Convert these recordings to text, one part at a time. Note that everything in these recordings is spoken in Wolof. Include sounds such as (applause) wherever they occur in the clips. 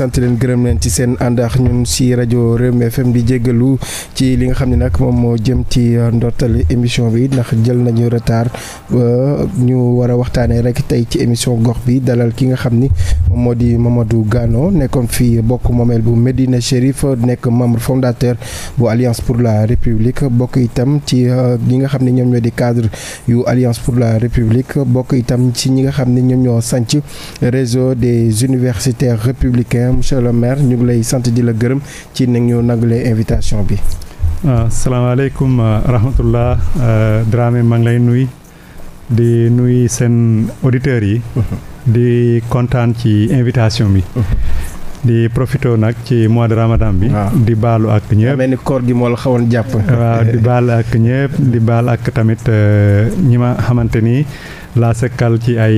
sant leen gërëm leen ci seen ànd ak ñun si rajo Rewmi FM di jéggalu ci li nga xam ne nag moom moo jëm ci ndortale émission bi ndax jël nañu retard ba ñu war a waxtaanee rek tey ci émission gox bi dalal ki nga xam ni moom moo di Mamadou Gano nekkoon fii bokk moomeel bu Médina Chérif nekk membre fondateur bu Alliance pour la République bokk itam ci euh, ñi nga xam ne ñoom ñoo di cadre yu Alliance pour la République bokk itam ci ñi nga xam ne ñoom ñoo sanc réseau des universitaires Dieng monsieur le maire ñu ngi lay sant di la gërëm ci ni ñu nagalee invitation bi. asalaamaaleykum ah, ah, rahmatullah ah, Dramé maa ngi lay nuy di nuy seen auditeurs yi. Uh-huh. di kontaan ci invitation bi. Uh-huh. di profité nag ci mois de ramadan bi. di baalu ak ñëpp. mel ni koor gi moo la xawoon jàpp. waaw di baal ak ñëpp di baal ak tamit eh, ñi ma xamante ni. laa sekkal ci ay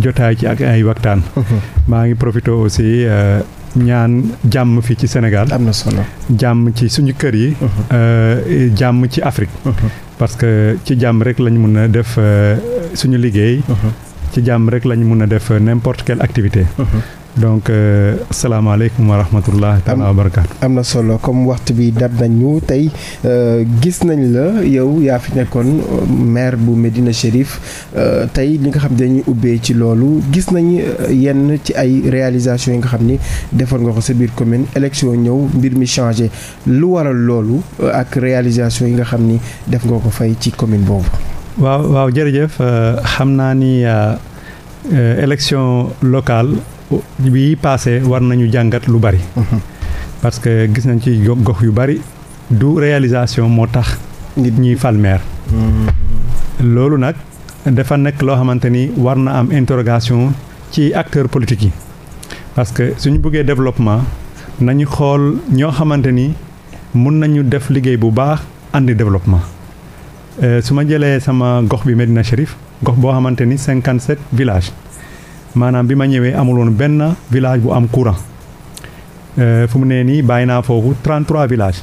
jotaay ci ak ay waxtaan. (laughs) maa ngi profité aussi euh, ñaan jàmm fii ci Sénégal. am na solo jàmm ci suñu kër yi. Uh-huh. Euh, jàmm ci Afrique. Uh-huh. parce que ci jàmm rek lañ mun a def euh, suñu liggéey. Uh-huh. ci jàmm rek lañ mun a def n'importe quelle activité. donc euh, salaamaaleykum wa rahmatullah taala am na solo comme waxtu bi dab nañu tey euh, gis nañ la yow yaa fi nekkoon euh, maire bu Médina Chérif tey li nga xam dañuy ubbee ci loolu gis nañ yenn ci ay réalisation yi nga xam ni defoon nga ko sa biir commune élection ñëw mbir mi changé lu waral loolu ak réalisation yi nga xam ni def nga ko fay ci commune boobu waaw waaw jërëjëf xam naa ni élection locale bi passé war nañu jàngat lu bari. Mhm. parce que gis nañ ci gox yu bari du réalisation moo tax. nit ñiy fal mhm. loolu nag defa nekk loo xamante ni war na am interrogation ci acteurs politiques yi parce que suñu buggee développement nañu xool ñoo xamante ni mun nañu def liggéey bu baax andi développement. Euh, su ma jëlee sama gox bi Medina Chérif gox boo xamante ni 57 villages. maanaam bi ma ñëwee amul amuloon benn village bu am courant euh, fu mu nee nii bàyyi naa foofu 33 villages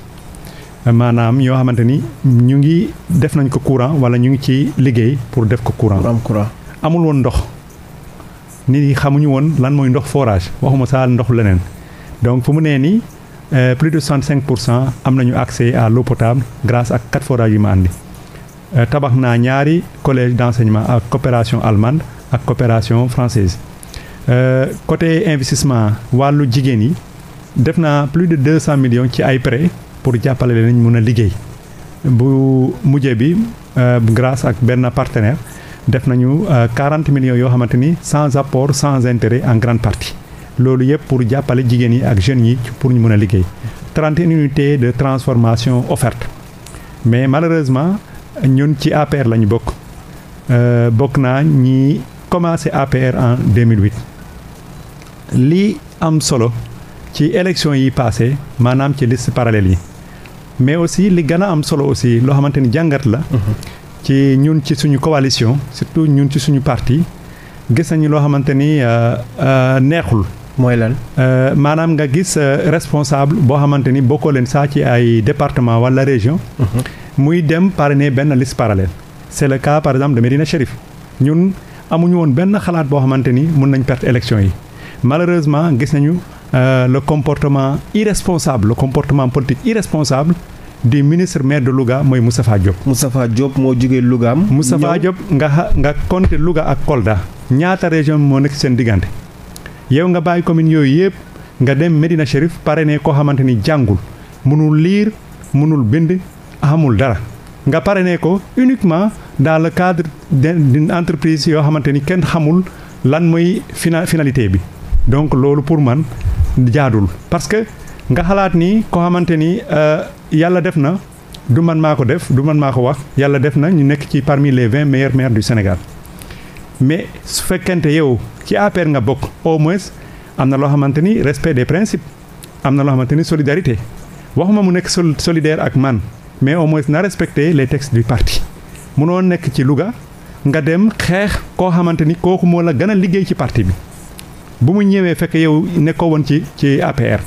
maanaam yoo xamante ni ñu ngi def nañ ko courant wala ñu ngi ci liggéey pour def ko courant. am courant amul woon ndox nit yi xamuñu woon lan mooy ndox forage waxuma saa ndox leneen donc fu mu nee nii euh, plus de 65 pour cent am nañu accès à l'eau potable grâce ak quatre forages yu ma andi. Euh, tabax naa ñaari collège d'enseignement ak coopération allemande. ak coopération française euh, côté investissement wàllu jigéen yi def naa plus de deux cent millions ci ay prêts pour jàppale leen mun a liggéey bu mujjee bi euh, grâce ak benn partenaire def nañu euh, quarante millions yoo xamante ni sans apport sans intérêt en grande partie loolu yëpp pour jàppale jigéen yi ak jeunes yi pour ñu mun a liggéey trente et de transformation offerte mais malheureusement ñun ci APR la ñu bokk bokk naa ñi commencé APR en 2008 lii am solo ci élection yi passé maanaam ci list parallèle yi mais aussi li gën a am solo aussi loo xamante ni jàngat la ci ñun ci suñu coalition surtout ñun ci suñu parti gis nañu loo xamante ni euh, euh, neexul mooy lan euh, maanaam nga gis responsable boo xamante ni bokkoo leen saa ci ay département wala région mhm. muy dem parrainer benn liste parallèle c'est le cas par exemple de Médina Chérif ñun amuñu woon benn xalaat boo xamante ni mun nañ perte élection yi malheureusement gis nañu euh, le comportement irresponsable le comportement politique irresponsable di ministre maire de Louga mooy Moustapha Diop. Moustapha Diop moo jugee Louga am. Moustapha Diop nga nga compté Louga ak Kolda. ñaata région moo nekk seen diggante yow nga bàyyi commune yooyu yëpp nga dem Medina Chérif pare ne koo xamante ni jàngul mënul liir mënul bind amul dara. nga pare ne ko uniquement dans le cadre d'une entreprise yoo xamante ni kenn xamul lan mooy fina finalité bi donc loolu pour man jaadul parce que nga xalaat ni ko xamante ni euh, yàlla def na du man maa ko def du man maa ko wax yàlla def na ñu nekk ci parmi les vingt meilleurs maires du Sénégal mais su fekkente yow ci APR nga bokk au moins am na loo xamante ni respect des principes am na loo xamante ni solidarité waxuma mu nekk solidaire ak man mais au moins na respecter les textes du parti munoo nekk ci Louga nga dem xeex koo xamante ni kooku moo la gën a liggéey ci parti bi bu mu ñëwee fekk yow nekkoo woon ci ci APR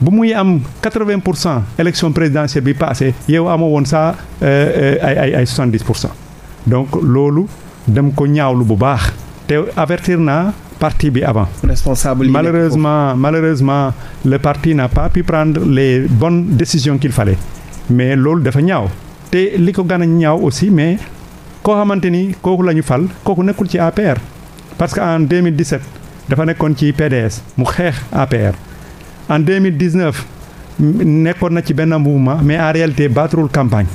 bu muy am 80 pour cent élection présidentielle bi passé yow amoo woon saa euh, euh, ay ay ay 70 pour cent donc loolu dem ko ñaawlu bu baax te avertir na parti bi avant responsable malheureusement malheureusement le parti n'a pas prendre les bonne décisions qu'il mais loolu dafa ñaaw te li ko gën a ñaaw aussi mais koo xamante ni kooku la ñu fal kooku nekkul ci APR. parce que en 2017 dafa nekkoon ci PDS mu xeex APR en 2019 nekkoon na ci benn mouvement mais en réalité battrul campagne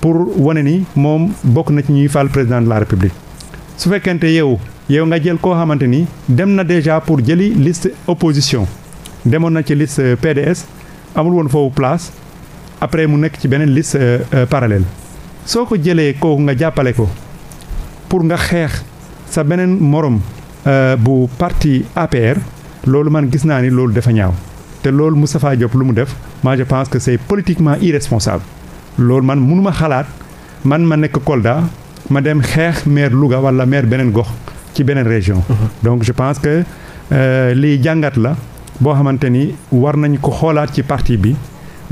pour wane ni moom bokk na ci ñuy fal président de la république su fekkente yow yow nga jël koo xamante ni dem na déjà pour jëli liste opposition demoon na ci liste PDS amul woon foofu place. après mu nekk ci beneen liste euh, euh, parallèle soo ko jëlee kooku nga jàppale ko pour nga xeex sa beneen moroom euh, bu parti APR loolu man gis naa ni loolu dafa ñaaw te loolu mu safaa Diop lu mu def moi je pense que c'est politiquement irresponsable loolu man mënuma xalaat man ma nekk Kolda ma dem xeex maire Louga wala maire beneen gox ci beneen région. Mhm. donc je pense que lii jàngat la boo xamante ni war nañ ko xoolaat ci parti bi.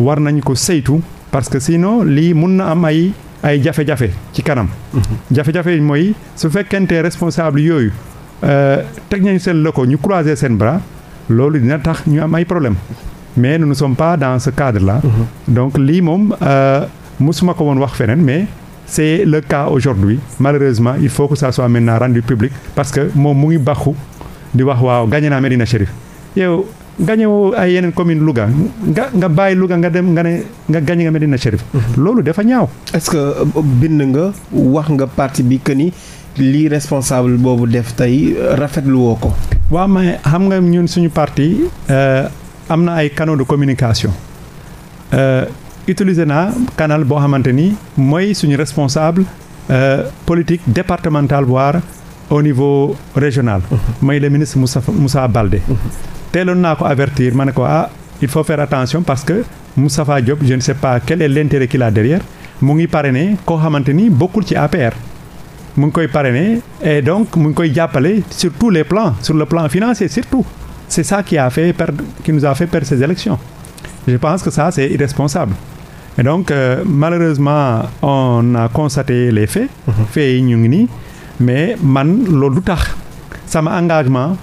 war nañ ko saytu parce que sinon lii mun na am ay ay jafe-jafe ci kanam. Mhm. jafe-jafe yi mooy su fekkente responsable yooyu euh, teg nañ seen loxo ñu croiser seen bras loolu dina tax ñu am ay problème mais nous nu sommes pas dans ce la là. Mhm. donc lii moom euh, mosuma ko woon wax feneen mais. c'est le cas aujourd'hui malheureusement il faut que ça soit maintenant rendu public parce que moom mu ngi baxu di wax waaw gagné naa Medina Chérif yow gañewoo ay yeneen commune Louga nga nga bàyyi Louga nga dem nga ne nga gañe nga Medina Chérif mhm. loolu dafa ñaaw est-ce que euh, bind nga wax nga parti bi que ni lii responsable boobu def tey rafetlu woo ko waaw mais xam nga ñun suñu parti euh, am na ay canaux de communication euh, utiliser naa canal boo xamante ni mooy suñu responsable politique départementale voire au niveau régional mhm. mooy le ministre musa Moussa Baldé mhm. teeloon naa ko avertir ma ne ko ah il faut faire attention parce que Moustapha Diop je ne sais pas quel est l'intérêt qu'il a derrière mu ngi parrainé koo xamante ni bokkul ci APR mu ngi koy parrainé et donc mu ngi koy jàppale sur tous les plans sur le plan financier surtout c'est ça qui a fait perdre qui nous a fait perdre ces élections je pense que ça c'est irresponsable et donc euh, malheureusement on a constaté les faits mhm. faits yi ñu ngi nii mais man loolu du tax sama engagement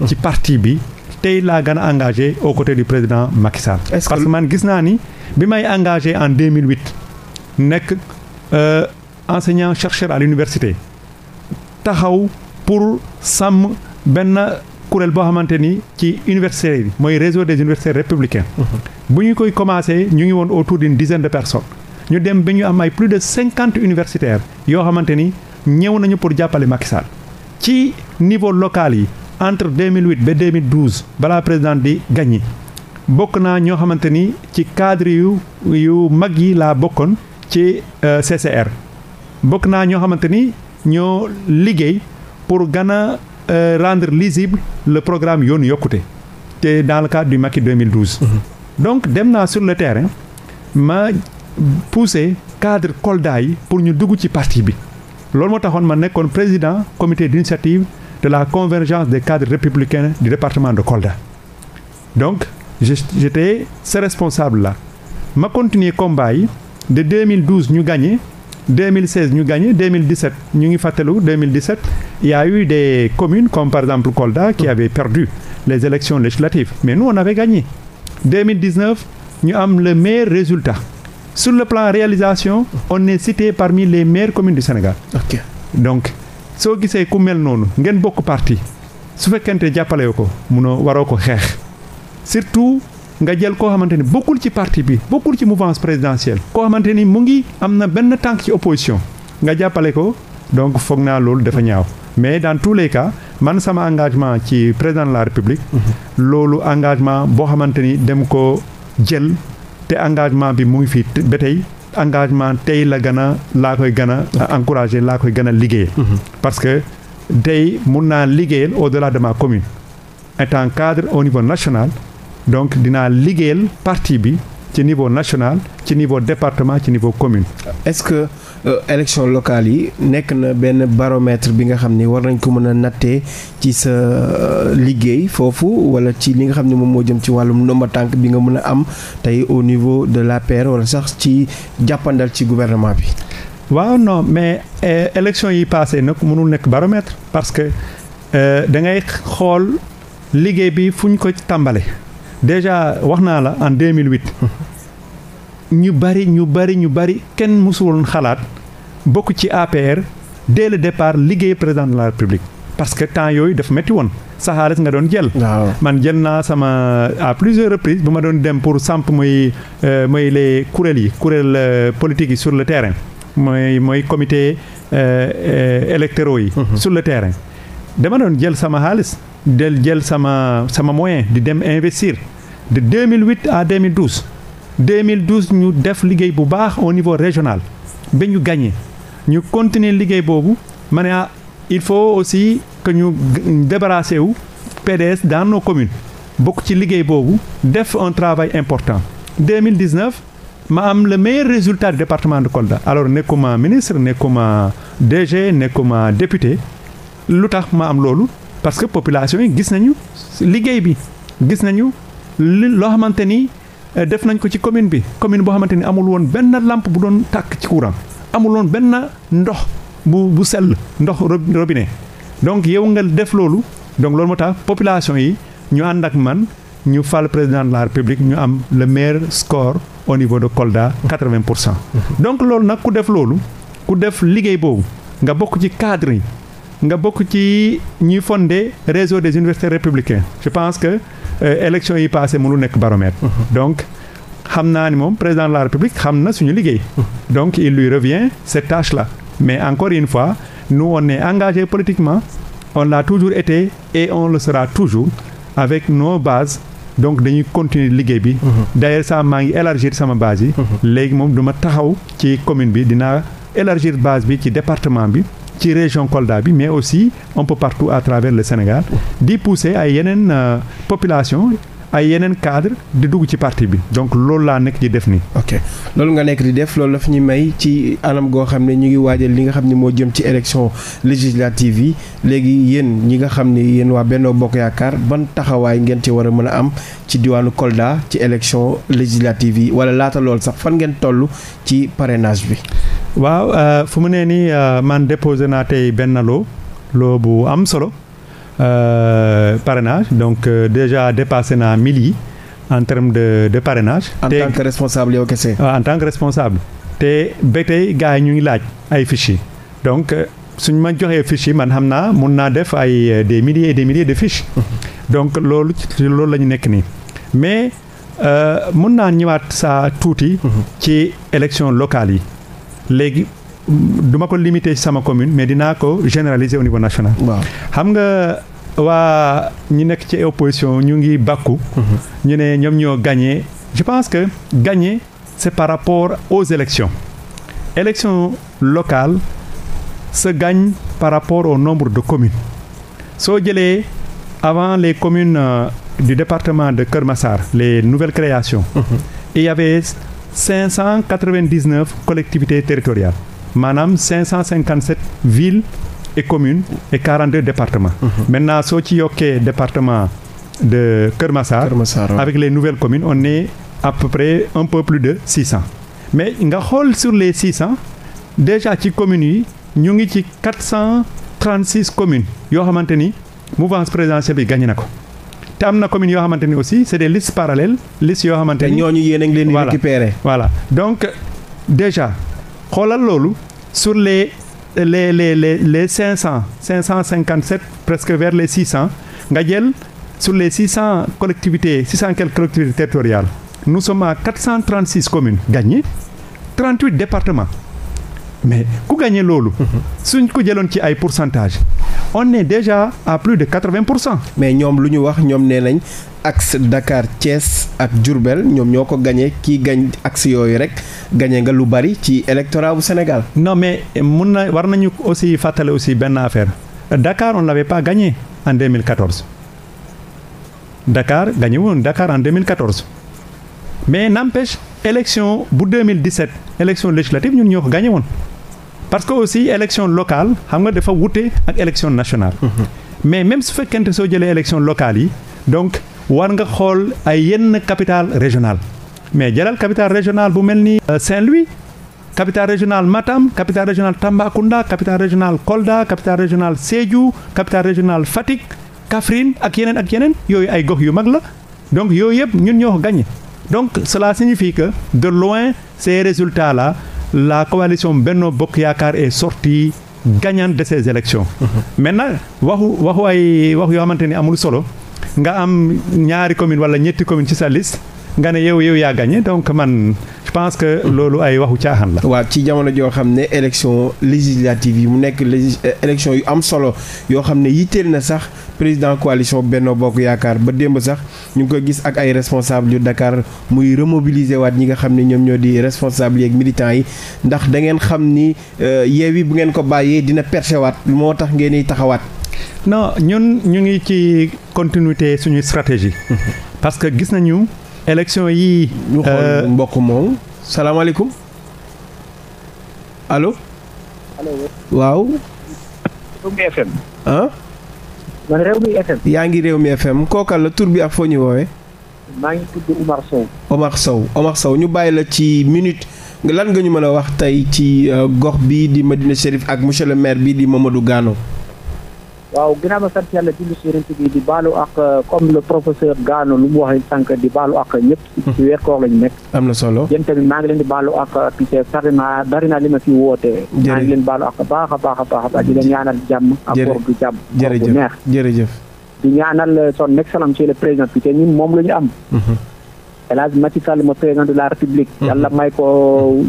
ci bi tey laa gën a engagé aux côtés du président Macky Sall. parce man gis naa ni bi may engagé en 2008 nekk euh, enseignant chercheur à l'université taxaw pour sàmm benn kuréel boo xamante ni ci université bi mooy réseau des universités républicains. Mhm. bu ñu koy commencé ñu ngi woon autour d'une dizaine de personnes. ñu dem ba ñu am ay plus de cinquante universitaires yoo xamante ni ñëw nañu pour jàppale Macky ci niveau local yi entre 2008 ba 2012 balaa président di gagné bokk naa ñoo xamante ni ci cadre yu yu mag yi laa bokkoon ci euh, CCR bokk naa ñoo xamante ni ñoo liggéey pour gën a euh, rendre lisible le programme yoon yokkute te dans le cadre du Macky 2012. Mm-hmm. donc dem naa sur le terrain ma poussé cadre Kolda yi pour ñu dugg ci parti bi loolu moo taxoon ma nekkoon président comité d'initiative de la convergence des cadres républicains du département de Kolda. Donc, j'étais ce responsable-là. ma continuer combat yi de 2012 ñu gagné 2016 ñu gagné 2017 ñu ngi fàttaliku 2017 il y a eu des communes comme par exemple Kolda qui mm. avait perdu les élections législatives mais nous on avait gagné 2019 ñu am le meilleur résultat sur le plan réalisation on est cité parmi les meilleures communes du Sénégal. ok donc soo gisee ku mel noonu ngeen bokk parti su fekkente jàppale ko mu munoo waroo ko xeex surtout nga jël koo xamante ni bokkul ci parti bi bokkul ci mouvance présidentielle. koo xamante ni mu ngi am na benn tànk ci opposition nga jàppale ko donc foog naa loolu dafa ñaaw mais dans tous les cas man sama engagement ci président la république. Mhm. loolu engagement boo xamante ni dem ko jël te engagement bi mu ngi fi ba tey engagement tey la gën a laa koy gën a encouragé laa koy gën a liggéey mhm. parce que tey mun naa liggéeyal au delà de ma commune étant cadre au niveau national donc dinaa liggéeyal parti bi ci niveau national ci niveau département ci niveau commune. est-ce que euh, élection euh, locale yi nekk na benn baromètre bi nga xam ni war nañ ko mën a nattee ci sa euh, liggéey foofu wala ci li nga xam ne moom moo jëm ci wàllum ma tànk bi nga mën a am tey au niveau de la l'APR wala sax ci jàppandal ci gouvernement bi. waaw non mais euh, élection yi passé nag mënul nekk baromètre parce que da ngay xool liggéey bi fu ñu ko tàmbale déjà wax naa la en 2008 ñu bari ñu bari ñu bari kenn mosuloon xalaat bokk ci APR dès le départ liggéey président de la République parce que temps yooyu dafa métti woon sa xaalis nga doon jël man jël naa sama à plusieurs reprises bu ma doon dem pour samp mooy euh, mooy les kuréel yi kuréel euh, politique yi sur le terrain mooy mooy comité euh, électoraux yi mhm. sur le terrain dama doon jël sama xaalis del jël sama sama moyen di dem investir de 2008 à 2012 2012 ñu def liggéey bu baax au niveau régional ba ñu gagné ñu continuer liggéey boobu ma ne ah il faut aussi que ñu débarrasser wu PDS dans nos communes bokk ci liggéey boobu def un travail important 2019 ma am le meilleur résultat du département de Kolda alors nekkuma ministre nekkuma DG nekkuma député lu tax ma am loolu parce que population yi gis nañu liggéey bi gis nañu li loo xamante ni euh, def nañ ko ci commune bi commune boo xamante ni amul woon benn lampe bu doon tàkk ci courant amul woon benn ndox bu bu sell ndox robinet donc yow nga def loolu donc loolu moo tax population yi ñu ànd ak man ñu fal président la république ñu am le meilleur score au niveau de Kolda 80 pour cent. Mm-hmm. donc loolu nag ku def loolu ku def liggéey boobu nga bokk ci cadre yi nga bokk ci ñuy fonde réseau des universités républicains je pense que euh, élection yi passé mënu nekk baromètre mhm. donc xam naa ni moom président de la république xam na suñu liggéey mhm. donc il lui revient cette tâche la mais encore une fois nu on est engagé politiquement on l'a toujours été et on le sera toujours avec nos bases donc dañuy continuer liggéey bi mhm. d'ailleurs ça maa ngi élargir sama base yi léegi moom duma taxaw ci commune bi dina élargir base bi ci département bi ci région Kolda bi mais aussi un peu à travers le Sénégal di pousser ay yeneen euh, population ay yeneen cadre di dugg ci parti bi donc loolu laa nekk di def nii. ok loolu nga nekk di def loolu daf ñu may ci alam goo xam ne ñu ngi waajal li nga xam ne moo jëm ci élection législative yi léegi yéen ñi nga xam ni yéen waa Benno Bokk Yaakaar ban taxawaay ngeen ci war a mën a am ci diwaanu Kolda ci élection législative yi wala laata lool sax fan ngeen toll ci parrainage bi. waaw uh, fu mu nee nii uh, man déposé naa tey benn loo loo bu am solo uh, parrainage donc euh, déjà dépassé naa mille yi en terme de de parrainage. en tant responsable kese. en tant que te ba tey gars yi ñu ngi laaj ay fiches donc euh, suñ ma joxee fiches yi man xam naa mun naa def ay euh, des milliers et des milliers de fiches. Mhm. donc loolu loolu la ñu nekk nii mais mun naa ñëwaat saa tuuti. Mhm. ci élections locales yi. léegi du ma ko limiter sama commune mais dinaa ko généraliser au niveau national. xam nga waa ñi nekk ci opposition ñu ngi bakku mm-hmm. ñu ne ñoom ñoo gagné je pense que gagné c'est par rapport aux élections élections locale se gagnent par rapport au nombre de communes soo jëlee avant les communes euh, du département de Kër Massar les nouvelle créations. Mm-hmm. il y cinq cent quatre-vingt-dix-neuf collectivités territoriales maanaam cinq cent cinquante-sept villes et communes et quarante-deux départements mmh. maintenant soo ci yokkee département de Kër Massar ouais. avec les nouvelles communes on est à peu près un peu plus de six cents mais nga xool sur les six cents déjà ci communes yi ñu ngi ci quatre cent trente-six communes yoo xamante ni mouvance présidentielle bi gagné na ko te na communes yoo xamante ne aussi c' est des listes parallèles listes yoo xamante ni. te ñooñu yéen a ngi donc déjà xoolal loolu sur les les les les les cinq cent cinq cent cinquante sept presque vers les six cent nga jël sur les six cent collectivités six cent quelques collectivités territoriales nous sommes à quatre cent trente six communes gagnées trente huit mais ku gagné loolu. suñ ko jëloon ci ay pourcentage on est déjà à plus de quatre-vingts pour cent. mais ñoom lu ñu wax ñoom nee nañ axe Dakar Thiès ak Diourbel ñoom ñoo ko gagné kii gañ axe yooyu rek gagné nga lu bari ci électorat bu Sénégal. non mais mun na war nañu aussi fàttale aussi benn affaire Dakar on l'avait pas gagné en 2014 Dakar gagné woon Dakar en 2014. mais n'empêche élection bu 2017 élection législative ñun ñoo ko gagné woon parce que aussi élection locale xam nga defa wute ak élection nationale. Mhm. mais même su fekkente soo jëlee élection locale yi donc war nga xool ay yenn capitale régionale mais jëlal capitale régionale bu mel ni euh, Saint-Louis. capitale régionale Matam capitale régionale Tambacounda capitale régionale Kolda capitale régionale Sédhiou capitale régionale Fatick Kaffrine ak yeneen ak yeneen yooyu ay gox yu mag la donc yooyu yëpp ñun ñoo ko Donc cela signifie que de loin, ces résultats-là, la coalition Benno Bokk Yaakaar est sortie gagnante de ces élections. Mhm. Maintenant waxu waxu ay wax yoo xamante ni amul solo nga am ñaari commune wala ñetti commune ci sa nga ne yow yow yaa gagné donc man. je pense que loolu ay waxu caaxaan la. waaw ci jamono joo xam ne élection législative yi mu nekk légis euh, élection yu am solo yoo xam ne yitteel na sax président coalition benn Bokk Yaakaar ba démb sax ñu ngi koy gis ak ay responsable yu Dakar muy remobiliser waat ñi nga xam ne ñoom ñoo di responsable yeeg militants yi ndax da ngeen xam ni euh, yeewi bu ngeen ko bàyyee dina perché waat moo tax ngeen di taxawaat. non ñun ñu ngi ci continuité suñuy stratégie. (laughs) parce que gis élection yi ñu xool euh, mbokk moomu. salaamaaleykum allo. allo waaw. Rewmi yaa ngi Rewmi FM kookal la tur bi ak foo ñu woowee. maa Sow. Omar Sow ñu bàyyi la ci minute lan nga ñu mën a wax tey ci euh, gox bi di ma Medina Chérif ak monsieur le maire bi di Mamadou Gano. waaw ginnaaw ma sant yàlla julli si yonent bi di baalu ak comme le professeur Gano lu mu wax sànq di baalu ak ñëpp. Hmm. ci weer koor lañu nekk. am na solo yéen tamit maa ngi leen di baalo ak picc sari naa bari li ma fi woote. maa ngi leen baalu ak baax a baax a baax a di leen ñaanal jàmm. ak koor bu jàmm koor bu neex jërëjëf di ñaanal euh, son excellence monsieur le président picc ñun moom la ñu am. Mm-hmm. El ma Macky Sall ma président de la république. Mm-hmm. yàlla may ko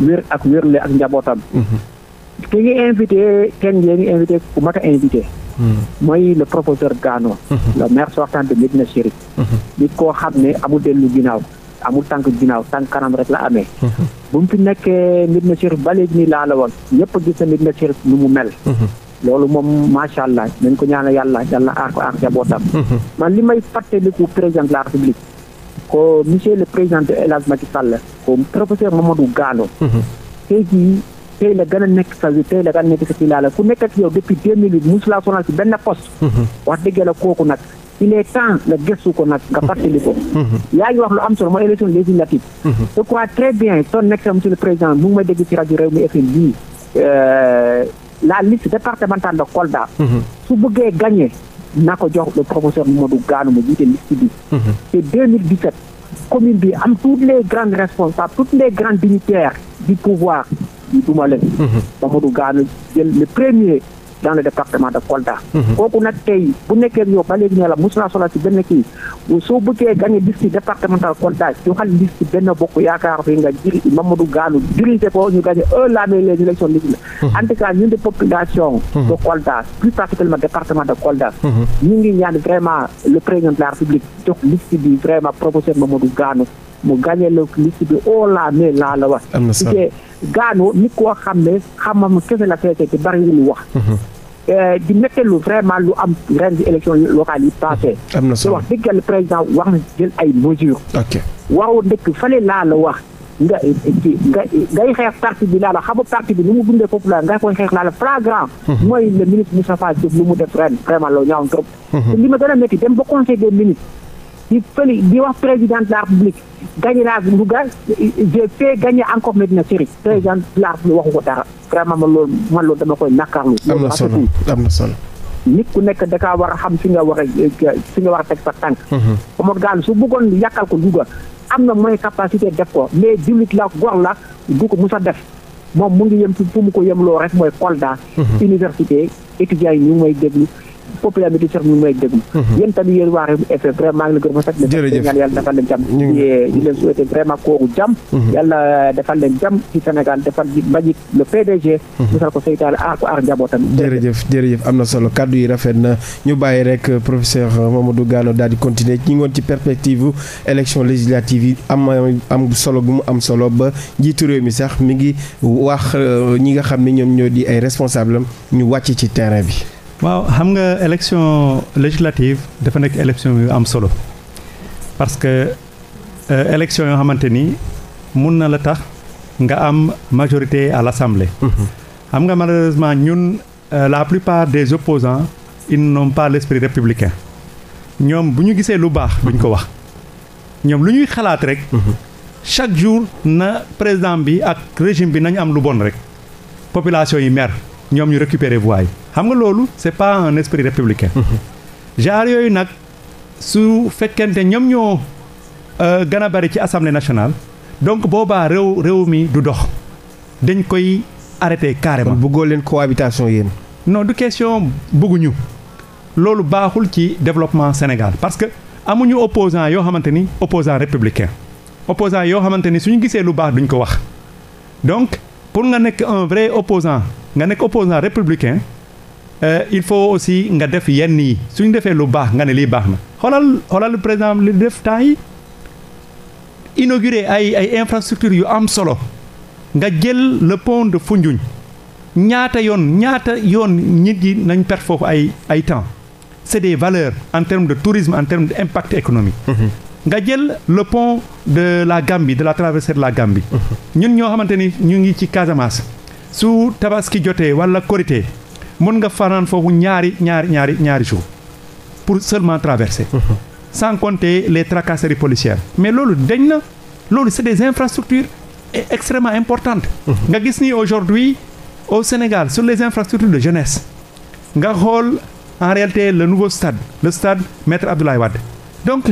wér ak wérle ak njabootam. Mm-hmm. ki ngi invité kenn yee ngi invité mooy le professeur Gano le maire sortant de Médina Chérif nit koo xam ne amul dellu ginnaaw amul tànk ginnaaw tànk kanam rek la amee bu mu fi nekkee Médina Chérif ba léegi nii laa la woon ñëpp gis na Médina Chérif nu mu mel loolu moom macha allah nañ ko ñaan yàlla yàlla aar ko aar jabootam man li may fàttaliku président de la république ko monsieur le président de El Hadj Macky Sall ko professeur Mamadou Gano tey jii tey la gën a nekk sa tey la gën a nekk sa filaale ku nekk ak yow depuis 2008 mosu laa sonal si benn poste. Mhm. wax dëgg la kooku nag il est temps la gëstu ko nag nga fàttali ko. Mhm. Mhm. yaa ngi wax lu am solo mooy élection législative. je crois très bien ton excellence monsieur le président mu ngi may dégg ci rajo Rewmi FM bii euh, la liste départementale de Kolda. su bëggee gagné naa ko jox le professeur Modou Ganou mu jiite liste bi. te 2017 commune bi am toutes ñu duma leen. Mhm. Mamadou Gane jël le premier dans le département de Kolda. Mhm. kooku nag tey bu nekkee yow ba léegi ne la mos naa soxla si benn kii soo bëggee gagné liste départemental Kolda joxal liste benn bokk yaakaar fi nga jiri Mamadou Gane dirigé ko ñu gagné un la mais les élections léegi la. Mhm. de population. plus particulièrement département de Kolda. ñu ngi ñaan vraiment le président de la République jox liste bi vraiment professeur Mamadou Gane. mu gagné la li ci biir oo laa mais laa la wax. am na solo te gaano nit koo xam ne xamam kese la fekkee te bariwul wax. Mhm. Euh, di méttelu vraiment lu am ren di élection locale yi passé mhm. am na solo wax dëgg yàlla président wax na jël ay mesures. ok waaw dëkk fële laa la wax. nga eh, eh, nga eh, ngay xeex parti bi laa la xam parti bi nu mu bindee populaire nga koy xeex laa la flagrant. Mhm. mooy le ministre Moustapha Diop lu mu def ren vraiment loolu ñaaw trop. li ma gën a métti dem ba conseil des ministres. di fëli di wax président de la république gagné naa Louga je fais gagner encore na Chérif président de la république waxu ko dara vraiment man loolu man loolu dama koy nakkarlu am na solo am na solo nit ku nekk da kaa war a xam si nga war a fi nga war a sa tànk mhm. Omar Gall su bëggoon yàqal ko Louga am na mooy capacité def ko mais jullit la gor la du ko musa def moom mu ngi yem ci mu ko yemloo rek mooy Kolda mhm. université étudiants yi mooy ngi déglu populaire bi di sax ñu may déglu mhm. yéen tamit yéen waa FM vraiment maa ngi la gërëm sax jërëjëf ñaan yàlla defal leen jàmm kooku jàmm mhm. yàlla defal leen jàmm ci Sénégal defal ji Mbagnick le PDG mhm. musal jërëjëf jërëjëf am na solo kaddu yi rafet na ñu bàyyi rek euh, professeur euh, Mamadou Gano daal di continuer ñi ngoon ci perspective élection législative yi am am solo gu mu am solo ba njiitu réew mi sax mi ngi wax euh, ñi nga xam ne ñoom ñoo di ay responsable ñu wàcc ci terrain bi waaw xam nga élection législative dafa nekk élection yu am solo parce que euh, élection yoo xamante ni mun na la tax nga am majorité à l'assemblée mm-hmm. xam nga malheureusement ñun euh, la plupart des opposants ils n'ont pas l'esprit républicain ñoom bu ñu gisee lu baax luñ ko wax ñoom lu ñuy xalaat rek mm-hmm. chaque jour na président bi ak régime bi nañu am lu bon rek population yi mer ñoom ñu récupérer voix yi xam nga loolu c'est pas un esprit républicain mhm. genre yooyu nag su fekkente ñoom ñoo euh, gën a bari ci assemblée nationale donc boobaa réew réew mi du dox dañ koy arrêté carrément. bëggoo leen cohabitation yéen. non du question bëgguñu loolu baaxul ci développement Sénégal parce que amuñu opposant yoo xamante ni opposant républicain opposant yoo xamante ni su ñu gisee lu baax duñ ko wax donc pour nga nekk un vrai opposant nga nekk opposant républicain euh, il faut aussi nga def yenn yi suñ defee lu baax nga ne lii baax na xoolal xoolal par exemple li def temps yi ay ay infrastructures yu am solo nga jël le pont de Foundiougne ñaata yoon ñaata yoon nit yi nañ perte foofu ay ay temps c'est des valeurs en termes de tourisme en termes d'impact économique mm-hmm. nga jël le pont de la Gambie de la traversée la Gambie mm-hmm. ñun ñoo xamante ni ñu ci Casamance su tabaski jotee wala korité mën nga fanaan foofu ñaari ñaari ñaari ñaari jours pour seulement traverser. Uh-huh. sans compter les tracasseries policières. mais loolu dañ na loolu c'est des et extrêmement importantes. Uh-huh. nga gis ni aujourd'hui au Sénégal sur les infrastructures de jeunesse nga xool en réalité le nouveau stade le stade Maître Abdoulaye Wade donc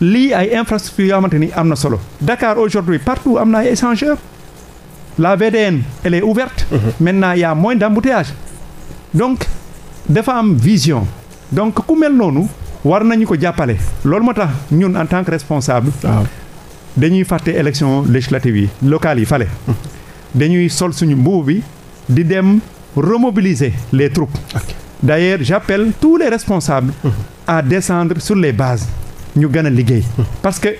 lii ay infrastructures yoo xamante ni am na solo Dakar aujourd'hui partout am na ay la VDN elle est ouverte. Mmh. maintenant il y a moins donc dafa am vision. donc ku mel noonu war nañu ko jàppale. loolu moo tax ñun en tant que responsable. Ah. dañuy fàtte élection législative yi locales yi fale. Mmh. dañuy sol suñu mbubb bi di dem remobiliser les troupes. Okay. d'ailleurs j'appelle tous les responsables. Mhm. à descendre sur les bases. ñu gën a liggéey. Mhm. parce que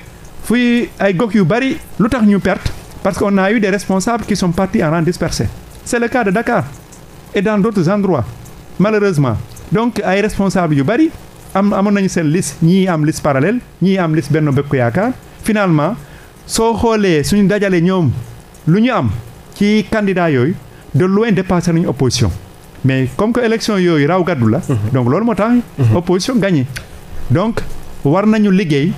fuy ay gox yu bari lu tax ñu perte. Parce qu'on a eu des responsables qui sont partis en rang dispersé. C'est le cas de Dakar et dans d'autres endroits, malheureusement. donc ay responsable yu bëri am amoon nañu seen liste ñii am liste parallèle ñii am liste benn Bokk Yaakaar finalement soo xoolee suñu dajalee ñoom lu ñu am ci candidat yooyu de loin dépassé nañu opposition mais comme que élection yooyu raw gaddu la. Mhm. donc loolu moo tax. Mhm. opposition gagné. donc war nañu liggéey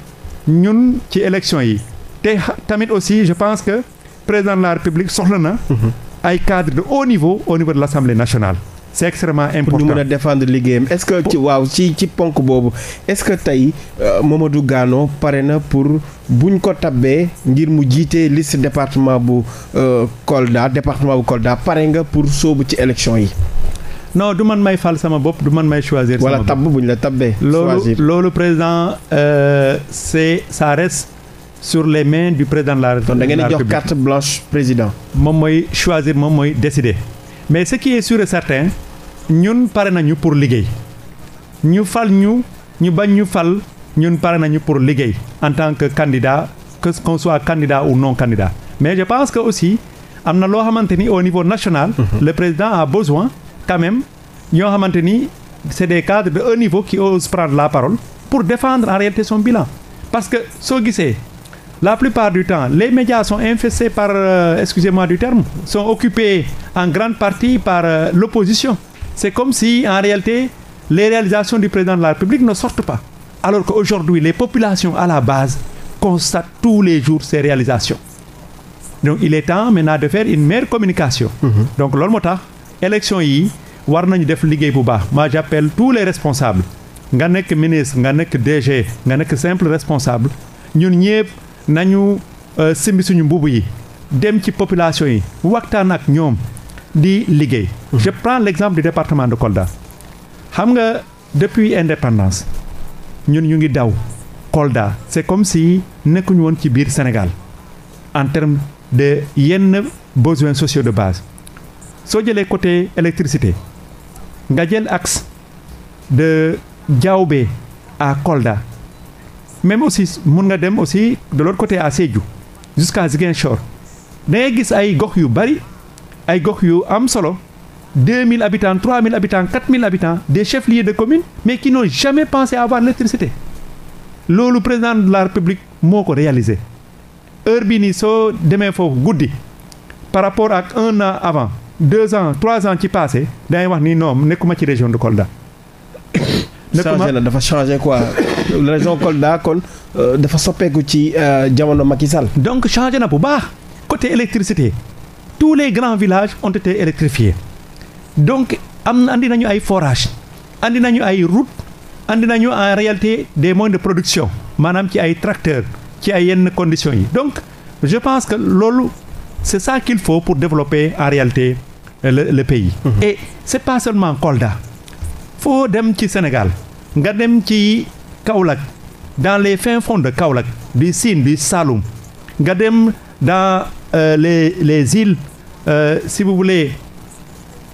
ñun ci élection yi. te tamit aussi je pense que président de la république soxla na. Mhm. ay cadres de haut niveau au niveau de l'assemblée nationale. c'est extrêmement important pour ñu mën a défendre liggéeyam est-ce que waaw ci ci ponk boobu est-ce que tey euh, du Gano pare na pour buñ ko tabbee ngir mu jiitee liste département bu euh, Kolda département bu Kolda pare nga pour soobu ci élection yi. non du man may fal sama bopp du man may choisir. sama bopp wala tabb la tabbee. loolu loolu président euh, c'est ça reste. sur les mains du président de la République. kon da ngeen di président. moom mooy choisir moom mooy décider mais ce qui est certain ñun pare nañu pour liggéey ñu fal ñu ñu bañ ñu fal ñun pare nañu pour liggéey en tant que candidat que qu'on soit candidat ou non candidat mais je pense que aussi am na loo xamante ni au niveau national. Mhm. le président à besoin quand même ñoo xamante ni c'est des cadres de haut niveau qui osent prendre la parole pour défendre en réalité son bilan parce que soo gisee. la plupart du temps les médias sont infestés par euh, excusez-moi du terme sont occupés en grande partie par euh, l'opposition c'est comme si en réalité les réalisations du président de la République ne sortent pas alors qu'aujourd'hui les populations à la base constatent tous les jours ces réalisations donc il est temps na de faire une meilleure communication mm donc loolu moo tax élection yi war nañu def liggéey bu baax moi j'appelle tous les responsables nga nekk ministre nga nekk DG nga nekk simple responsable ñun ñëpp nañu euh, simbi suñu mbubu yi dem ci population yi waxtaan ak ñoom di liggéey. Mhm. je prends l'exemple du département de Kolda xam nga depuis indépendance ñun ñu ngi daw Kolda c'est comme si nekkuñu woon ci biir Sénégal en termes de yenn besoins sociaux de base soo jëlee côté électricité nga jël axe de Diaobé à Kolda. même aussi mun nga dem aussi de l'autre côté à Sédhiou jusqu'à Ziguinchor da ngay gis ay gox yu bari ay gox yu am solo 2000 habitants 3000 habitants 4000 habitants des chefs-lieux de communes mais qui n'ont jamais pensé avoir l'électricité loolu président de la République moo ko réalisé heure bi nii soo demee foofu guddi par rapport ak un an avant deux ans trois ans ci passé dangay wax ni non nekkuma ci région de Kolda. (coughs) nekkuma changé la dafa changé quoi. région Kolda kon euh, dafa soppeeku ci euh, jamono Macky Sall. donc changé na bu baax côté électricité tous les grands villages ont été électrifiés donc am na andi nañu ay forages andi nañu ay routes andi nañu en réalité des moyens de production maanaam ci ay tracteurs ci ay yenn conditions yi donc je pense que loolu c'est ça qu'il faut pour développer en réalité euh, le, le pays. Mm -hmm. et c'est pas seulement Kolda foo dem ci Sénégal nga dem ci Kaolack dans les fins fonds de Kaolack du Sine du Saloum nga dem dans euh, les les îles euh, si vous voulez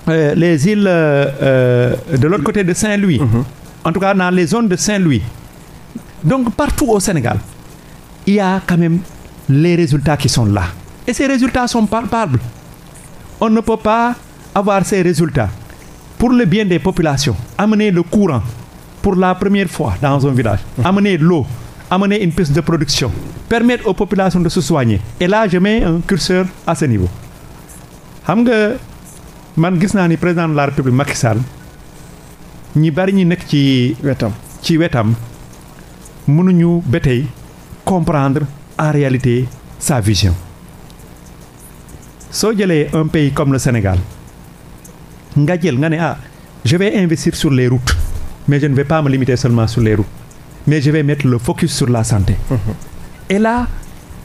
euh, les îles euh, euh, de l'autre côté de Saint-Louis mm-hmm. en tout cas dans les zones de Saint-Louis donc partout au Sénégal il y a quand même les résultats qui sont là et ces résultats sont palpables on ne peut pas avoir ces résultats pour le bien des populations amener le courant pour la première fois dans un village, amener l'eau, amener une piste de production, permettre aux populations de se soigner. Et là, je mets un curseur à ce niveau. xam nga man gis naa ni président de la république Macky Sall ñi bari ñi nekk ci. wetam ci wetam mënuñu ba tey comprendre en réalité sa vision. soo jëlee un pays comme le Sénégal nga jël nga ne ah je vais investir sur les routes. mais je ne vais pas me limiter seulement sur les routes mais je vais mettre le focus sur la santé mmh. et là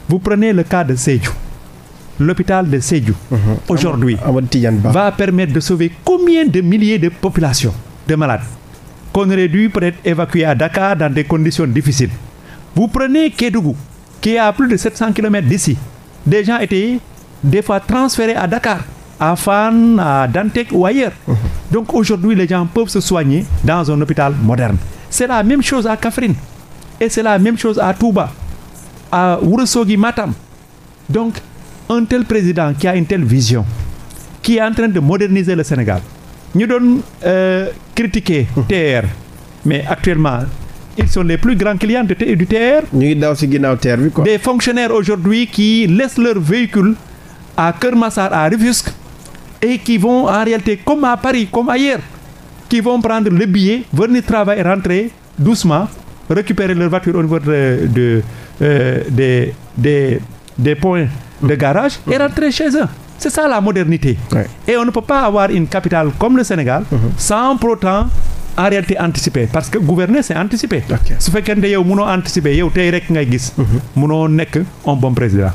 vous prenez le cas de Sédhiou l'hôpital de Sédhiou mm-hmm. aujourd'hui va permettre de sauver combien de milliers de populations de malades qu'on aurait peut-être évacuer à Dakar dans des conditions difficiles vous prenez Kédougou qui est à plus de kilomètres d'ici des gens étaient des fois transférés à Dakar à Fann à Dantec ou ailleurs. Mhm. donc aujourd'hui les gens peuvent se soigner dans un hôpital moderne. c'est la même chose à Kaffrine et c'est la même chose à Touba à Ourossogui Matam donc un tel président qui a une telle vision qui est en train de moderniser le Sénégal ñu doon euh, critiquer mhm. TER mais actuellement ils sont les plus grands clients du TER. ñu ngi daw ci ginnaaw TER bi quoi. des fonctionnaires aujourd'hui qui laissent leur véhicule à Keur Massar à Rufisque et qui vont en réalité comme à Paris, comme ailleurs, qui vont prendre le billet, venir travailler, rentrer doucement, récupérer leur voiture au niveau de, de euh, des, des, points de garage et rentrer chez eux. C'est ça la modernité. Ouais. Et on ne peut pas avoir une capitale comme le Sénégal mhm. sans pour autant en réalité anticiper parce que gouverner c'est anticiper. su fekkente yow mënoo anticiper yow tey rek ngay gis. mënoo mhm. nekk on bon président.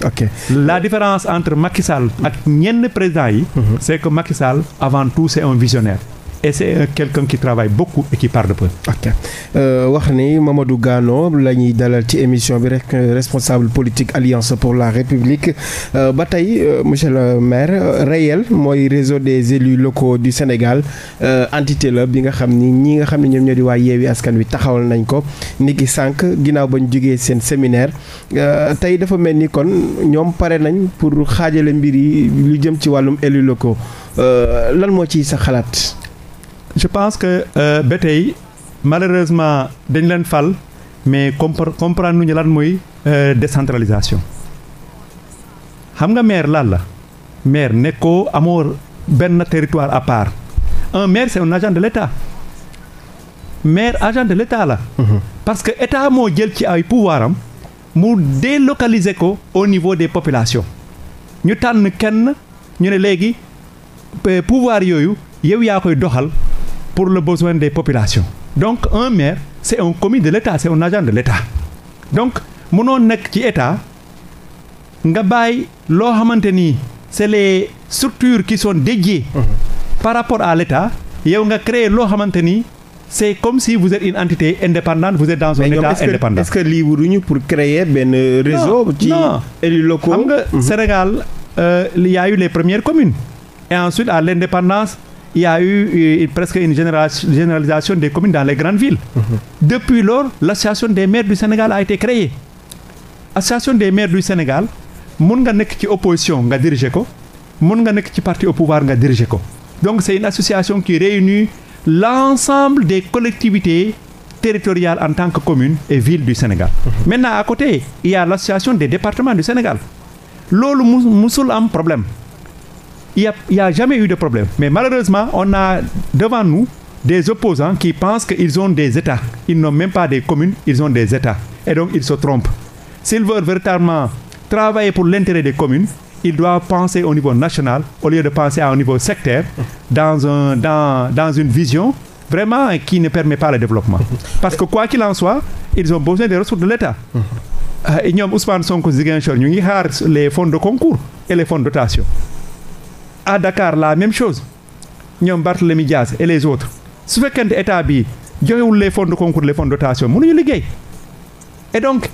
la différence entre Macky ak ñenn président yi. Mhm. c'est que Macky avant tout c'est un visionnaire. et c' est euh, quelqu'un qui travaille beaucoup et qui parle peu. Euh, wax ni Mamadou Gano la ñuy dalal ci émission bi rek euh, responsable politique alliance pour la république ba tey monsieur le maire réel mooy réseau des élus locaux du Sénégal entité la bi nga xam ni ñi nga xam ne ñoom ñoo di waa yeewi askan wi taxawal nañ ko ni ki sànq ginnaaw ba ñu jógee seen séminaire tey dafa mel ni kon ñoom pare nañ pour xaajale mbir yi lu jëm ci wàllum élus locaux lan moo ci sa xalaat. je pense que euh, ba tey malheureusement dañ leen fal mais compre comprendre nu lan mooy euh, décentralisation xam nga maire lan la maire nekkoo amoo benn territoire à part en maire c'est un agent de l'État maire agent de l'État la mhm. parce que état moo jël ci ay pouvoir am mu délocaliser ko au niveau des populations ñu tànn kenn ñu ne léegi euh, pouvoir yooyu yow yaa koy doxal pour le besoin des populations donc un maire c'est un commune de l'État c'est un agent de l'État donc mënoo nekk ci état nga bàyyi loo xamante ni c'est les structures qui sont dédiées mhm. par rapport à l'État yow nga créer loo xamante ni c'est comme si vous êtes une entité indépendante vous êtes dans un état est indépendant que libre ñu pour créer benn réseau ci élus locaux mhm. Sénégal euh, il y a les premières communes et ensuite à il eu euh, presque une généralisation des communes dans les grandes villes. Mmh. Depuis lors, l'association des maires du Sénégal a été créée. Association des maires du Sénégal mun nga nekk ci opposition nga diriger ko mun nga nekk ci parti au pouvoir nga diriger ko donc c'est une association qui réunit l'ensemble des collectivités territoriales en tant que communes et villes du Sénégal. Mmh. Maintenant à côté il y l'association des départements du Sénégal loolu musul am problème. il y a jamais eu de problème mais malheureusement on a devant nous des opposants qui pensent qu'ils ont des États ils n'ont même pas des communes ils ont des États et donc ils se trompent s'ils veulent véritablement travailler pour l'intérêt des communes ils doivent penser au niveau national au lieu de penser à un niveau sectaire dans une vision vraiment qui ne permet pas le développement parce que quoi qu'il en soit ils ont besoin des ressources de euh, ñu ngi xaar les fonds de concours et les fonds à Dakar la même chose ñoom Barthélemy Diaz et les autres sufekkent fekkente bi joxewul les fonds de concours les fonds de dotation mënuñu liggéey et donc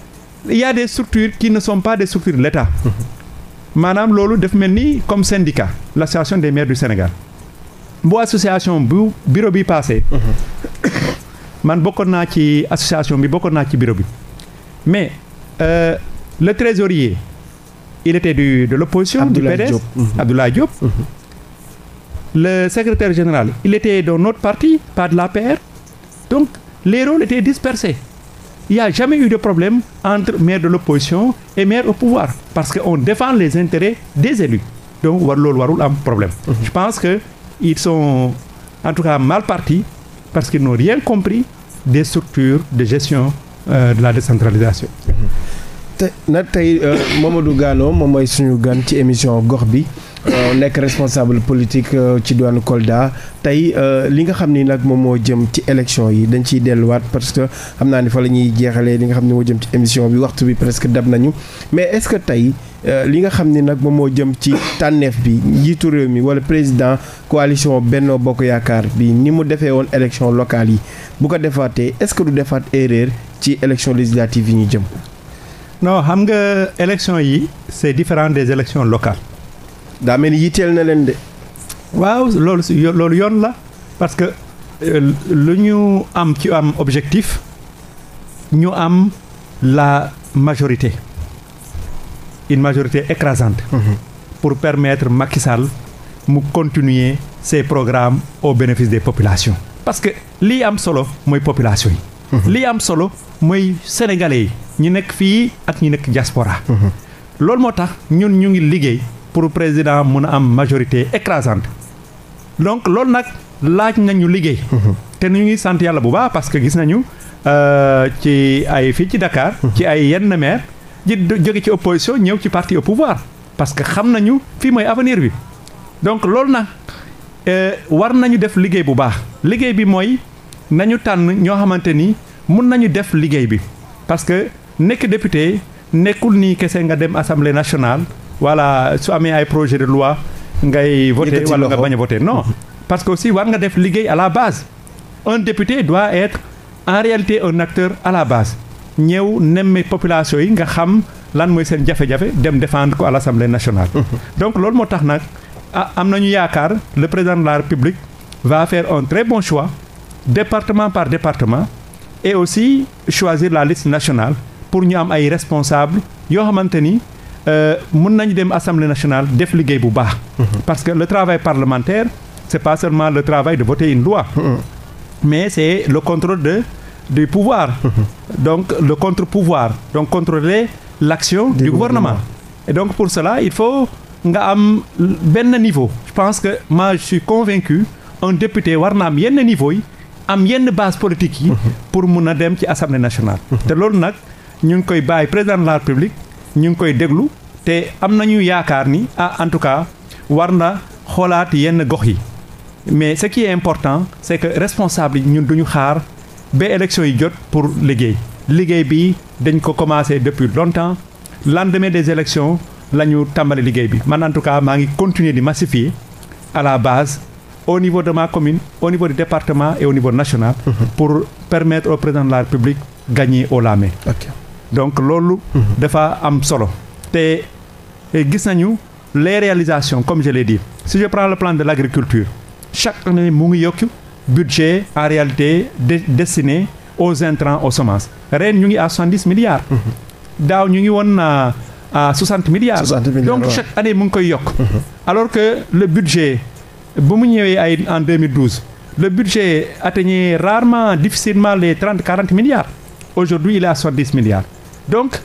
il y a des structures qui ne sont pas des structures de l'état mmh. maanaam loolu daf mel ni comme syndicat l'association des maires du Sénégal bu association bu bureau bi passé mmh. man bokkoon naa ci association bi bokkoon naa ci bureau mais euh, le trésorier il était de l'opposition, du PDS, Diop. Mmh. Abdoulaye Diop. Mhm. Le secrétaire général, il était d'un autre parti, pas de l'APR. Donc, les rôles étaient dispersés. Il n'y a jamais eu de problème entre maire de l'opposition et maire au pouvoir, parce qu'on défend les intérêts des élus. Donc, Warlol Warul a un problème. Mhm. Je pense qu'ils sont, en tout cas, mal parti parce qu'ils n'ont rien compris des structures de gestion euh, de la décentralisation. nag tey euh, moom a du gaanoo moom mooy suñu gan ci émission gox bi euh, nekk responsable politique euh, ci diwaanu Kolda tey li nga xam ni nag moom moo jëm ci élection yi dañ ciy delluwaat parce que xam naa ni fa la ñuy jeexalee li nga xam ne moo jëm ci émission bi waxtu bi presque dab nañu mais est-ce que tey li nga xam ni nag moom moo jëm ci tànneef bi njiitu réew mi wala président coalition benn Bokk Yaakaar bi ni mu defee woon élection locale yi bu ko defaatee est du defaat erreur ci élection législative yi ñu jëm non xam nga élection yi c'est différent des élections locales. daa mel ni yitteel na leen de. waaw loolu yoon la parce que euh, lu ñu am ci am objectif ñu am la majorité une majorité écrasante. Mhm. pour permettre Macky Sall mu continuer ses programmes au bénéfice des populations. parce que lii am solo mooy population yi. li am solo mooy sénégalais yi ñu nekk fii ak ñu nekk diaspora loolu moo tax ñun ñu ngi liggéey pour président mun a am majorité écrasante donc loolu nag laaj nañu liggéey te ñu ngi sant yàlla bu baax parce que gis nañu euh, ci ay fii ci dakaar ci ay yenn maire ji jóge ci opposition ñëw ci parti au pouvoir parce que xam nañu fii mooy avenir bi donc loolu nag euh, war nañu def liggéey bu baax liggéey bi mooy nañu tànn ñoo xamante ni mun nañu def liggéey bi parce que nekk député nekkul nii kese nga dem assemblée nationale voilà su amee ay projet de loi ngay voter wala nga bañ a non (laughs) parce que aussi war nga def liggéey à la base un député doit être en réalité un acteur à la base ñëw nemme population yi nga xam lan mooy seen jafe-jafe dem défendre ko à l'Assemblée nationale (laughs) donc loolu moo tax nag ah am nañu yaakaar le président de la République va faire un très bon département par département et aussi choisir la liste nationale pour ñu am ay responsables yoo xamante ni euh, mën nañu dem assemblée nationale def liggéey bu baax. Mm-hmm. parce que le travail parlementaire c'est pas seulement le travail de voter une loi. Mm-hmm. mais c'est le contrôle de du pouvoir. Mm-hmm. donc le contre-pouvoir donc contrôler l'action du gouvernement. et donc pour cela il faut nga am benn niveau. je pense que moi je suis convaincu un député war na am yenn niveau yi. am yenn base politique yi. pour mun a dem ci assemblée nationale. te loolu nag ñu ngi koy bàyyi président de la république ñu ngi koy déglu te am nañu yaakaar ni ah en tout cas war na xoolaat yenn gox yi mais ce qui est important c' que responsable yi ñun duñu xaar ba élection yi jot pour liggéey liggéey bi dañ ko commencé depuis longtemps lendemain des élections la ñu tàmbali liggéey bi man en tout cas maa ngi continuer di massifier à la base. au niveau de ma commune au niveau du département et au niveau national mm -hmm. pour permettre au président de la République gagner haut la main okay. donc loolu mhm. dafa am solo te eh, gis nañu les réalisations comme je l'ai dit si je prends le plan de l'agriculture chaque année mu ngi yokk budget en réalité de, destiné aux intrants aux semences ren ñu ngi à soixante-dix milliards mhm. daaw ñu ngi woon à soixante milliards donc chaque année mu ngi koy yokk mhm. alors que le budget ba mu ñëwee ay en 2012 le budget atteignait rarement difficilement les 30 40 milliards aujourd'hui il est à 70 milliards donc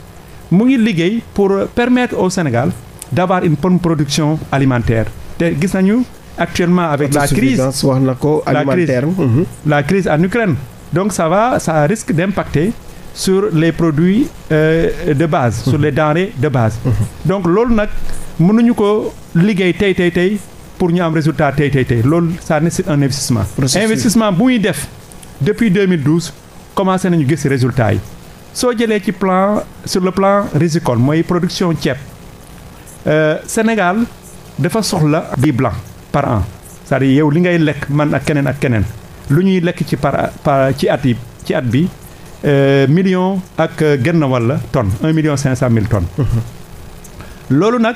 mu ngi liggéey pour permettre au Sénégal d'avoir une bonne production alimentaire te gis nañu actuellement avec la crise wax na ko mhm. Mhm. la crise en Ukraine donc ça va ça risque d'impacter sur les produits euh, de base sur mhm. les denrées de base donc loolu nag mënuñu ko liggéey tey tey tey pour ñu am résultat tey tey tey loolu ça nécessite un investissement. investissement bu muy def depuis 2012 commencé nañu gis résultat yi soo jëlee ci plan sur le plan rizicole mooy production ceeb euh, Sénégal dafa soxla bi blanc par an c'est-à-dire yow li ngay lekk man ak keneen ak keneen lu ñuy lekk ci par par ci at yi ci at bi euh, million ak euh, genn walla tonne un million cinq cent mille tonnes. loolu nag.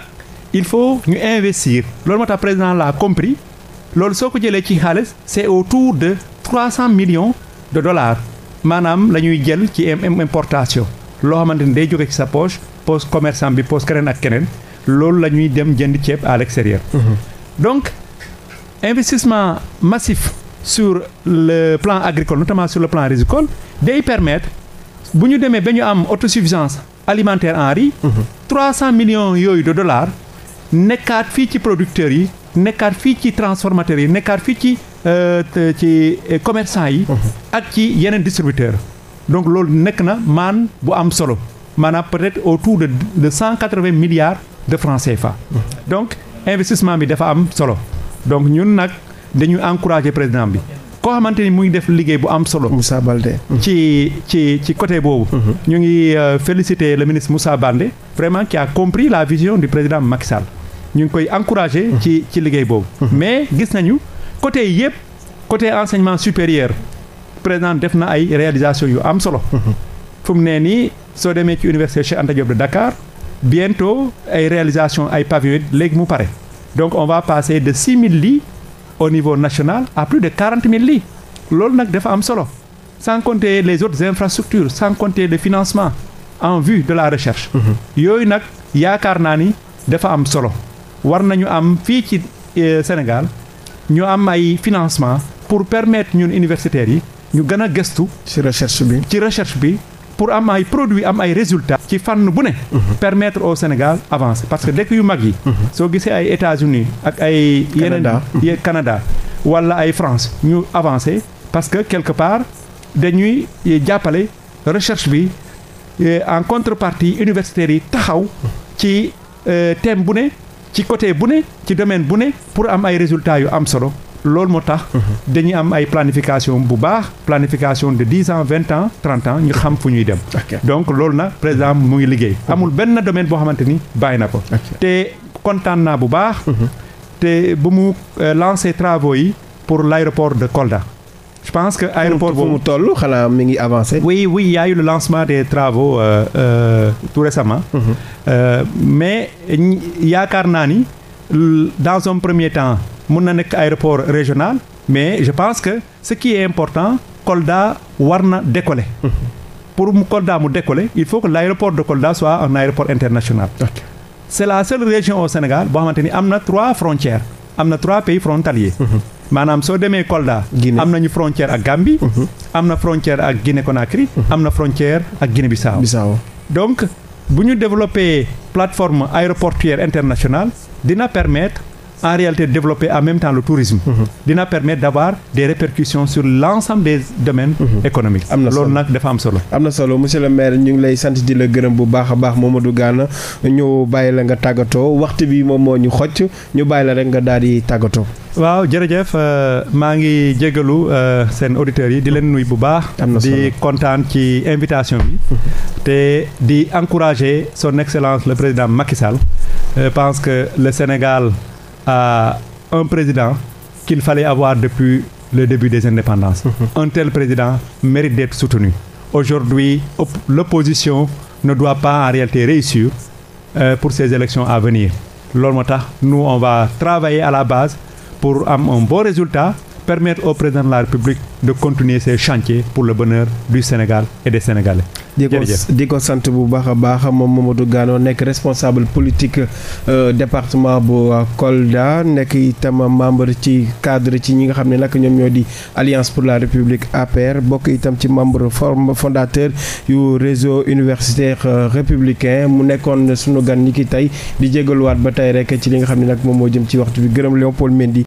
il faut ñu investir loolu moo tax président l'a compris loolu soo ko jëlee ci xaalis c'est autour de trois cent millions de dollars maanaam la ñuy jël ci importation loo xamante ni day jóge ci sa poche poche commerçant bi poche keneen ak keneen loolu la ñuy dem jënd ceeb à l'extérieur mm-hmm. donc investissement massif sur le plan agricole notamment sur le plan rizicole day permettre bu ñu demee ba ñu am autosuffisance alimentaire en riz. 300 mm-hmm. millions yooyu de dollars nekkaat fii ci producteurs yi nekkaat fii ci transformateurs yi nekkaat fii ci euh, ci commerçant yi mhm. ak ci yeneen distributeur donc loolu nekk na maan bu am solo maanaam peut-être autour de de cent quatre-vingts milliards de francs CFA mhm. donc investissement bi dafa am solo donc ñun nag dañuy encourager président bi koo xamante ni mu ngi def liggéey bu am solo. Moussa ci ci ci côté boobu. Mhm. ñu ngi euh, féliciter le ministre Moussa Baldé vraiment qui a compris la vision du président Macky ñu ngi koy encourager. Mhm. ci ci liggéey boobu. Mhm. mais gis nañu côté yëpp côté enseignement supérieur président def na ay réalisation yu am solo. fu mu nee nii soo demee ci université Cheikh Anta Diop de Dakar bientôt ay réalisation ay pavillon léegi mu pare donc on va passer de six mille lii au niveau national à plus de quarante mille loolu nag dafa am solo sans compter les autres infrastructures sans compter le financement en vue de la recherche mhm. yooyu nag yaakaar naa ni dafa am solo war nañu am fii ci euh, Sénégal ñu am ay financements pour permettre ñun universitaires yi ñu gën a gëstu ci recherche bi ci recherche bi pour am ay produits am ay résultats ci fànn bu ne mhm. permettre au Sénégal avancer parce que dëkk yu mag yi mhm. soo gisee ay États-Unis ak ay yeneen mhm. Canada wala ay France ñu avancer parce que quelque part dañuy jàppale recherche bi euh, en contrepartie universitaires yi taxaw ci euh, thème bu ne ci côté bu ne ci domaine bu ne pour am ay résultats yu am solo loolu moo tax. Mhm. dañuy am ay planification bu baax planification de dix ans vingt ans trente ans ñu xam fu ñuy dem. donc loolu nag président mu ngi liggéey. amul benn domaine boo xamante ni bàyyi na ko. te kontaan naa bu baax. Mhm. te bu mu euh, lancé travaux yi pour l' aéroport de Kolda. je pense que aéroport boobu mu toll xanaa mi ngi avancé. oui oui il y a eu le lancement des travaux euh, euh, tout récemment. Mhm. Euh, mais yaakaar naa ni dans un premier temps. mun na nekk aéroport régional mais je pense que ce qui est important Kolda war na décoller. pour mu Kolda mu décoller il faut que l' aéroport de Kolda soit un aéroport international. Okay. c' est la seule région au Sénégal boo xamante ni am na trois frontières am na trois pays frontaliers. Mhm. maanaam soo demee Kolda. Guinée am nañu frontière ak Gambie. Mhm. am na frontière ak Guinée Conakry. Mhm. am na frontière ak Guinée Bissau. Bissau donc bu ñu développer plateforme aéroportuaire internationale dina permettre. en réalité développer en même temps le tourisme. Mhm. dina permettre d'avoir des répercussions sur l'ensemble des domaines mhm. économiques. am na solo loolu nag dafa am solo. am solo monsieur le maire ñu ngi lay sant di la gërëm bu baax a baax du Gana ñu bàyyi la nga tàggatoo waxtu bi moom moo ñu xocc ñu bàyyi la rek nga daal di tàggatoo. waaw jërëjëf euh, maa ngi jégalu euh, seen auditeurs yi di leen nuy bu baax. di kontaan ci invitation bi. Mhm. te di encourager son excellence le président Macky Sall. Euh, je que le Sénégal. à un président qu'il fallait avoir depuis le début des indépendances. Mmh. Un tel président mérite d'être soutenu. Aujourd'hui, op l'opposition ne doit pas en réalité réussir euh, pour ces élections à venir. loolu moo tax nous on va travailler à la base pour am un bon résultat permettre au président de la République de continuer ses pour le bonheur du Sénégal et des Sénégalais. di ko sant bu baax a baax a moom moom a du Gano nekk responsable politique euh, département bu Kolda nekk itam membre ci cadre ci ñi nga xam ne nag ñoom ñoo di Alliance pour la République APR bokk itam ci membre forme fondateur yu réseau universitaire euh, républicain mu nekkoon sunu gan ñi ki tey di jégaluwaat ba tey rek ci li nga xam ne nag moom moo jëm ci waxtu bi gërëm Léopold Mendy